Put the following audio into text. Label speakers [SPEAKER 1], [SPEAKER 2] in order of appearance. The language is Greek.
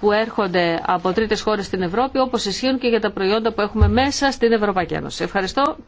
[SPEAKER 1] που έρχονται από τρίτες χώρες στην Ευρώπη όπως ισχύουν και για τα προϊόντα που έχουμε μέσα στην Ευρωπαϊκή Ένωση. Ευχαριστώ.